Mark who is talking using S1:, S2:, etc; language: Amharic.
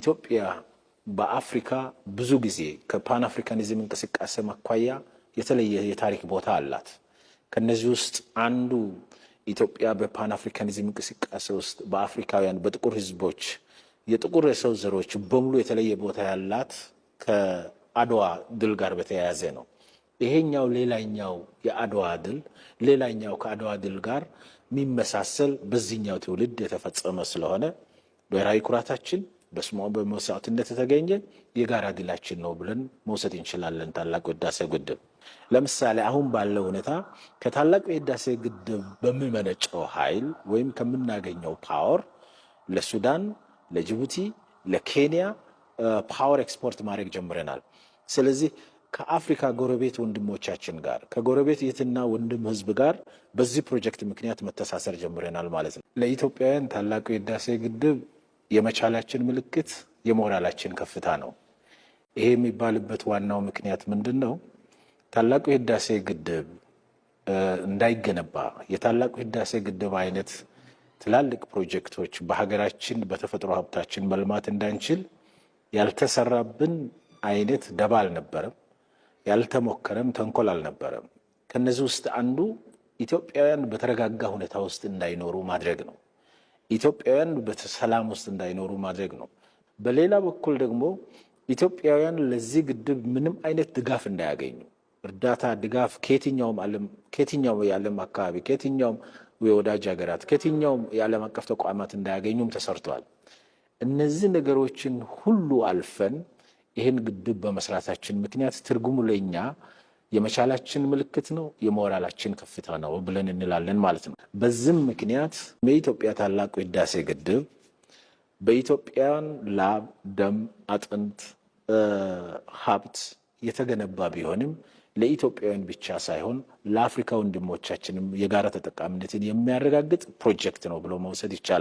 S1: ኢትዮጵያ በአፍሪካ ብዙ ጊዜ ከፓን አፍሪካኒዝም እንቅስቃሴ አኳያ የተለየ የታሪክ ቦታ አላት። ከነዚህ ውስጥ አንዱ ኢትዮጵያ በፓን አፍሪካኒዝም እንቅስቃሴ ውስጥ በአፍሪካውያን በጥቁር ህዝቦች የጥቁር የሰው ዘሮች በሙሉ የተለየ ቦታ ያላት ከአድዋ ድል ጋር በተያያዘ ነው። ይሄኛው ሌላኛው የአድዋ ድል ሌላኛው ከአድዋ ድል ጋር የሚመሳሰል በዚህኛው ትውልድ የተፈጸመ ስለሆነ ብሔራዊ ኩራታችን በስሟ በመስዋዕትነት የተገኘ የጋራ ድላችን ነው ብለን መውሰድ እንችላለን። ታላቁ የህዳሴ ግድብ ለምሳሌ አሁን ባለው ሁኔታ ከታላቁ የህዳሴ ግድብ በሚመነጨው ኃይል ወይም ከምናገኘው ፓወር ለሱዳን፣ ለጅቡቲ፣ ለኬንያ ፓወር ኤክስፖርት ማድረግ ጀምረናል። ስለዚህ ከአፍሪካ ጎረቤት ወንድሞቻችን ጋር ከጎረቤት የትና ወንድም ህዝብ ጋር በዚህ ፕሮጀክት ምክንያት መተሳሰር ጀምረናል ማለት ነው። ለኢትዮጵያውያን ታላቁ የህዳሴ ግድብ የመቻላችን ምልክት የሞራላችን ከፍታ ነው። ይሄ የሚባልበት ዋናው ምክንያት ምንድን ነው? ታላቁ የህዳሴ ግድብ እንዳይገነባ የታላቁ ህዳሴ ግድብ አይነት ትላልቅ ፕሮጀክቶች በሀገራችን በተፈጥሮ ሀብታችን መልማት እንዳንችል ያልተሰራብን አይነት ደባ አልነበረም፣ ያልተሞከረም ተንኮል አልነበረም። ከነዚህ ውስጥ አንዱ ኢትዮጵያውያን በተረጋጋ ሁኔታ ውስጥ እንዳይኖሩ ማድረግ ነው። ኢትዮጵያውያን በሰላም ውስጥ እንዳይኖሩ ማድረግ ነው። በሌላ በኩል ደግሞ ኢትዮጵያውያን ለዚህ ግድብ ምንም አይነት ድጋፍ እንዳያገኙ እርዳታ፣ ድጋፍ ከየትኛውም የዓለም አካባቢ ከየትኛውም የወዳጅ ሀገራት ከየትኛውም የዓለም አቀፍ ተቋማት እንዳያገኙም ተሰርተዋል። እነዚህ ነገሮችን ሁሉ አልፈን ይህን ግድብ በመስራታችን ምክንያት ትርጉሙ ለኛ የመቻላችን ምልክት ነው፣ የሞራላችን ከፍታ ነው ብለን እንላለን ማለት ነው። በዚህም ምክንያት የኢትዮጵያ ታላቁ ህዳሴ ግድብ በኢትዮጵያን ላብ፣ ደም፣ አጥንት፣ ሀብት የተገነባ ቢሆንም ለኢትዮጵያውያን ብቻ ሳይሆን ለአፍሪካ ወንድሞቻችንም የጋራ ተጠቃሚነትን የሚያረጋግጥ ፕሮጀክት ነው ብሎ መውሰድ ይቻላል።